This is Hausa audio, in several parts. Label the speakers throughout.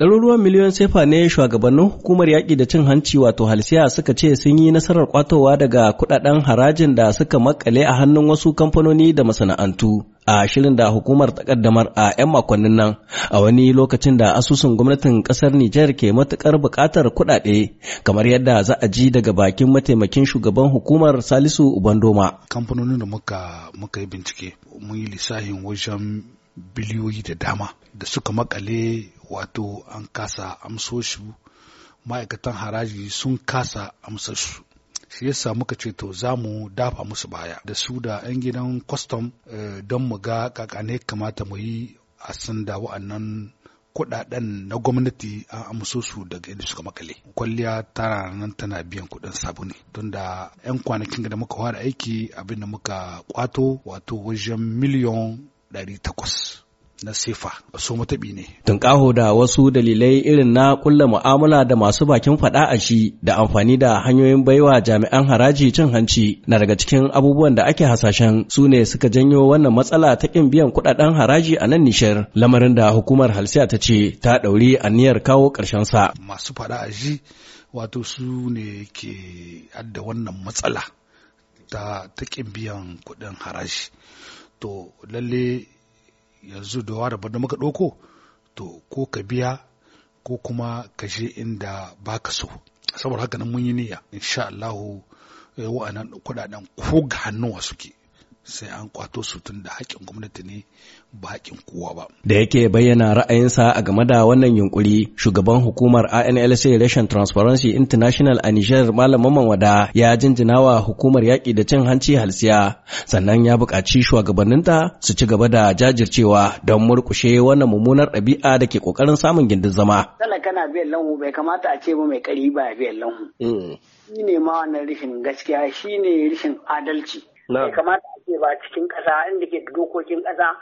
Speaker 1: Ɗaruruwan miliyoyin sefa ne shugabannin hukumar yaƙi da cin hanci wato halsiya suka ce sun yi nasarar kwatowa daga kuɗaɗen harajin da suka makale a hannun wasu kamfanoni da masana'antu a shirin da hukumar takaddamar a 'yan makonnin nan a wani lokacin da asusun gwamnatin ƙasar Nijar ke matuƙar buƙatar kuɗaɗe kamar yadda za a ji daga bakin mataimakin shugaban hukumar Salisu Ubandoma.
Speaker 2: Kamfanonin da muka muka yi bincike mun yi lissafin wajen biliyoyi da dama da suka makale wato an kasa amso su ma'aikatan haraji sun kasa amsa su shi yasa muka ce to za mu dafa musu baya da su da 'yan gidan kwastam eh, don mu ga kakane kamata mu yi a san da wa'annan kudaden na gwamnati an amso daga inda suka makale kwalliya tana nan tana biyan kudin sabuni don da 'yan kwanakin da muka fara aiki abinda muka kwato wato wajen miliyon 800 na sifa su mutabi ne.
Speaker 1: tunkaho da wasu dalilai irin na kulla mu'amala da masu bakin faɗa a shi da amfani da hanyoyin baiwa jami'an haraji cin hanci na daga cikin abubuwan da ake hasashen su ne suka janyo wannan matsala ta ƙin biyan kuɗaɗen haraji a nan Nishar lamarin da hukumar Halsiya ta ce ta ɗauri aniyar kawo ƙarshen sa.
Speaker 2: Masu faɗa a shi wato su ne ke adda wannan matsala. ta taƙin biyan kuɗin harashi to lalle yanzu da wada da muka ɗauko to ko ka biya ko kuma ka je inda ba ka so saboda haka nan mun yi niyya insha Allahu eh, wa'annan kuɗaɗen ko ga hannuwa suke sai an kwato su tun da haƙƙin gwamnati ne
Speaker 1: ba haƙƙin kowa ba. Da yake bayyana ra'ayinsa a game da wannan yunkuri, shugaban hukumar ANLC Rashin Transparency International a Nijar Malam Wada ya jinjina wa hukumar yaƙi da cin hanci halsiya, sannan ya buƙaci shugabanninta su ci gaba da jajircewa don murƙushe wannan mummunar ɗabi'a da ke ƙoƙarin samun gindin zama.
Speaker 3: Talaka kana biyan lanhu bai kamata a ce ba mai ƙari ba biyan lanhu. Hmm. Shi ne ma wannan rashin gaskiya shi ne rashin adalci. Bai ba cikin ƙasa inda ke dokokin ƙasa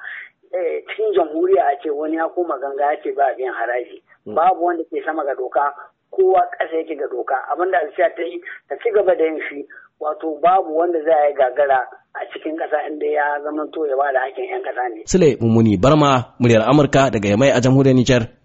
Speaker 3: cikin eh, jamhuriya a ce wani ya koma ganga ya ce ba biyan haraji mm. babu wanda ke sama ga doka kowa ƙasa yake ga doka abin da alfiya ta yi ta ci gaba da yin shi wato babu wanda za a yi gagara a cikin ƙasa inda ya to ya ba da hakin 'yan ƙasa ne.
Speaker 1: Sule Mummuni Barma, muryar Amurka daga Yamai a jamhuriyar Nijar.